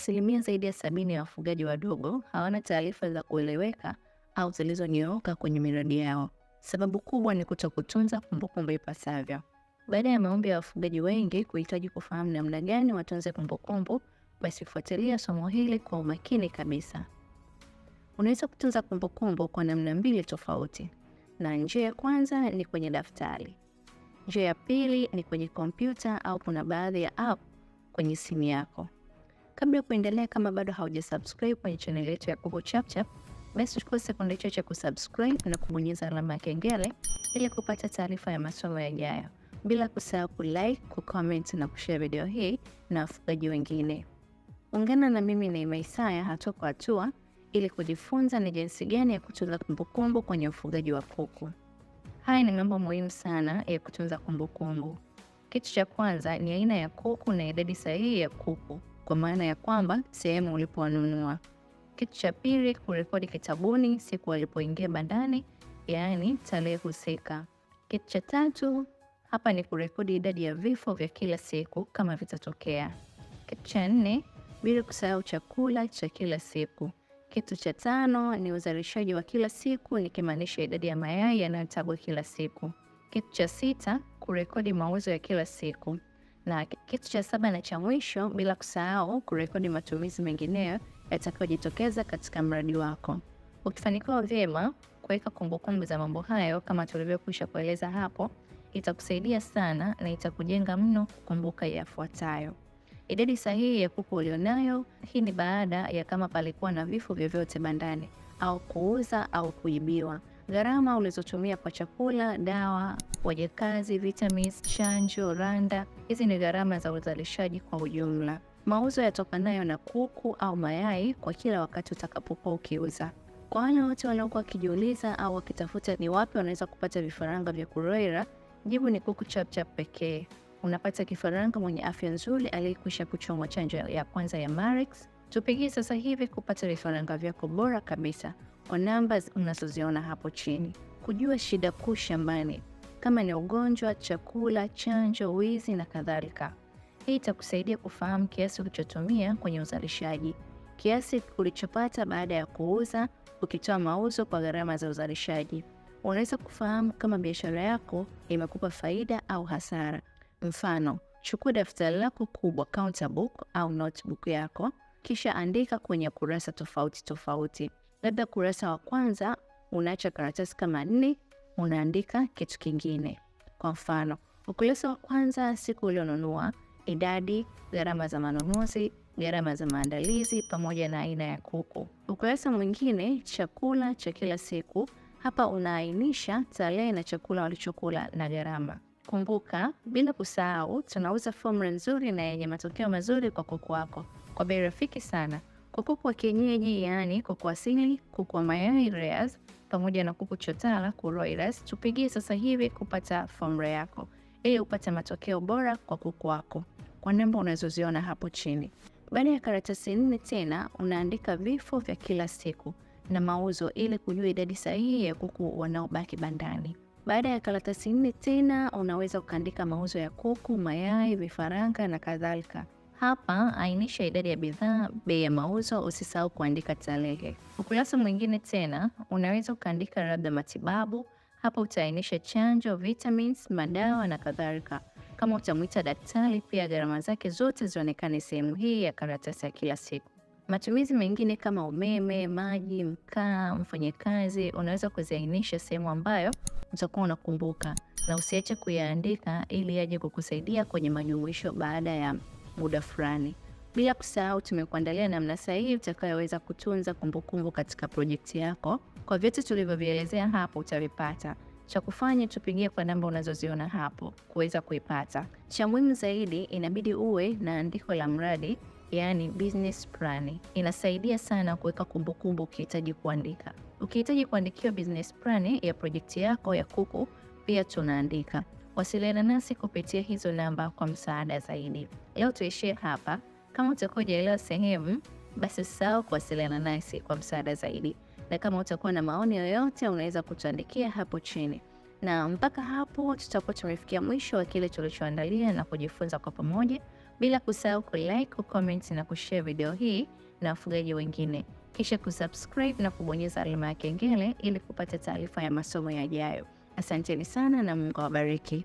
Asilimia zaidi ya sabini ya wafugaji wadogo hawana taarifa za kueleweka au zilizonyooka kwenye miradi yao. Sababu kubwa ni kuto kutunza kumbukumbu ipasavyo. Baada ya maombi ya wafugaji wengi kuhitaji kufahamu namna gani watunze kumbukumbu, basi fuatilia somo hili kwa umakini kabisa. Unaweza kutunza kumbukumbu kwa namna mbili tofauti, na njia ya kwanza ni kwenye daftari. Njia ya pili ni kwenye kompyuta au kuna baadhi ya app kwenye simu yako. Kabla ya kuendelea, kama bado haujasubscribe kwenye channel yetu ya Kuku Chapchap, basi chukua sekunde chache cha kusubscribe na kubonyeza alama ya kengele ili kupata taarifa ya masomo yajayo, bila kusahau kulike, kucomment na kushare video hii na wafugaji wengine. Ungana na mimi Neema Isaya hatua kwa hatua ili kujifunza ni jinsi gani ya kutunza kumbukumbu kwenye ufugaji wa kuku. Haya ni mambo muhimu sana ya kutunza kumbukumbu. Kitu cha kwanza ni aina ya kuku na idadi sahihi ya kuku kwa maana ya kwamba sehemu ulipowanunua Kitu cha pili, kurekodi kitabuni siku walipoingia bandani, yaani tarehe husika. Kitu cha tatu hapa ni kurekodi idadi ya vifo vya kila siku kama vitatokea. Kitu cha nne, bila kusahau chakula cha kila siku. Kitu cha tano ni uzalishaji wa kila siku, nikimaanisha idadi ya mayai yanayotagwa kila siku. Kitu cha sita, kurekodi mauzo ya kila siku na kitu cha saba na cha mwisho, bila kusahau kurekodi matumizi mengineyo yatakayojitokeza katika mradi wako. Ukifanikiwa vyema kuweka kumbukumbu za mambo hayo kama tulivyokwisha kueleza hapo, itakusaidia sana na itakujenga mno kukumbuka yafuatayo: idadi sahihi ya kuku ulionayo. Hii ni baada ya kama palikuwa na vifo vyovyote bandani au kuuza au kuibiwa Gharama ulizotumia kwa chakula, dawa, wajakazi, vitamins, chanjo, randa, hizi ni gharama za uzalishaji kwa ujumla. Mauzo yatokanayo na kuku au mayai kwa kila wakati utakapokuwa ukiuza. Kwa wale wote wanaokuwa wakijiuliza au wakitafuta ni wapi wanaweza kupata vifaranga vya kuroira, jibu ni kuku chapchap pekee. Unapata kifaranga mwenye afya nzuri aliyekwisha kuchomwa chanjo ya kwanza ya Marix. Tupigie sasa hivi kupata vifaranga vyako bora kabisa kwa namba unazoziona hapo chini, kujua shida kuu shambani kama ni ugonjwa, chakula, chanjo, wizi na kadhalika. Hii itakusaidia kufahamu kiasi ulichotumia kwenye uzalishaji, kiasi ulichopata baada ya kuuza, ukitoa mauzo kwa gharama za uzalishaji. Unaweza kufahamu kama biashara yako imekupa faida au hasara. Mfano, chukua daftari lako kubwa, counter book au notebook yako, kisha andika kwenye kurasa tofauti tofauti labda kurasa wa kwanza unaacha karatasi kama nne, unaandika kitu kingine. Kwa mfano, ukurasa wa kwanza siku ulionunua, idadi, gharama za manunuzi, gharama za maandalizi pamoja na aina ya kuku. Ukurasa mwingine chakula cha kila siku, hapa unaainisha tarehe na chakula walichokula na gharama. Kumbuka, bila kusahau, tunauza fomula nzuri na yenye matokeo mazuri kwa kuku wako kwa bei rafiki sana. Kwa Kuku wa kienyeji yaani kuku asili, kuku wa mayai layers, pamoja na kuku chotara layers, tupigie sasa hivi kupata fomula yako ili upate matokeo bora kwa kuku wako kwa namba unazoziona hapo chini. Baada ya karatasi nne tena unaandika vifo vya kila siku na mauzo ili kujua idadi sahihi ya kuku wanaobaki bandani. Baada ya karatasi nne tena unaweza ukaandika mauzo ya kuku, mayai, vifaranga na kadhalika. Hapa ainisha idadi ya bidhaa, bei ya mauzo. Usisahau kuandika tarehe. Ukurasa mwingine tena unaweza ukaandika labda matibabu. Hapa utaainisha chanjo, vitamins, madawa na kadhalika. Kama utamwita daktari, pia gharama zake zote zionekane sehemu hii ya karatasi ya kila siku. Matumizi mengine kama umeme, maji, mkaa, mfanyakazi, unaweza kuziainisha sehemu ambayo utakuwa unakumbuka, na usiache kuyaandika ili yaje kukusaidia kwenye majumuisho baada ya muda fulani. Bila kusahau tumekuandalia namna sahihi utakayoweza kutunza kumbukumbu katika projekti yako. Kwa vyote tulivyovielezea hapo utavipata. Cha kufanya tupigie kwa namba unazoziona hapo kuweza kuipata. Cha muhimu zaidi, inabidi uwe na andiko la mradi, yaani business plan. Inasaidia sana kuweka kumbukumbu ukihitaji kuandika. Ukihitaji kuandikiwa business plan ya projekti yako ya kuku, pia tunaandika. Wasiliana nasi kupitia hizo namba kwa msaada zaidi. Leo tuishie hapa. Kama utakuwa hujaelewa sehemu, basi usisahau kuwasiliana nasi kwa msaada zaidi, na kama utakuwa na maoni yoyote, unaweza kutuandikia hapo chini, na mpaka hapo tutakuwa tumefikia mwisho wa kile tulichoandalia na kujifunza kwa pamoja, bila kusahau kulike, kucomment na kushare video hii na wafugaji wengine, kisha kusubscribe na kubonyeza alama ya kengele ili kupata taarifa ya masomo yajayo. Asanteni sana na Mungu awabariki.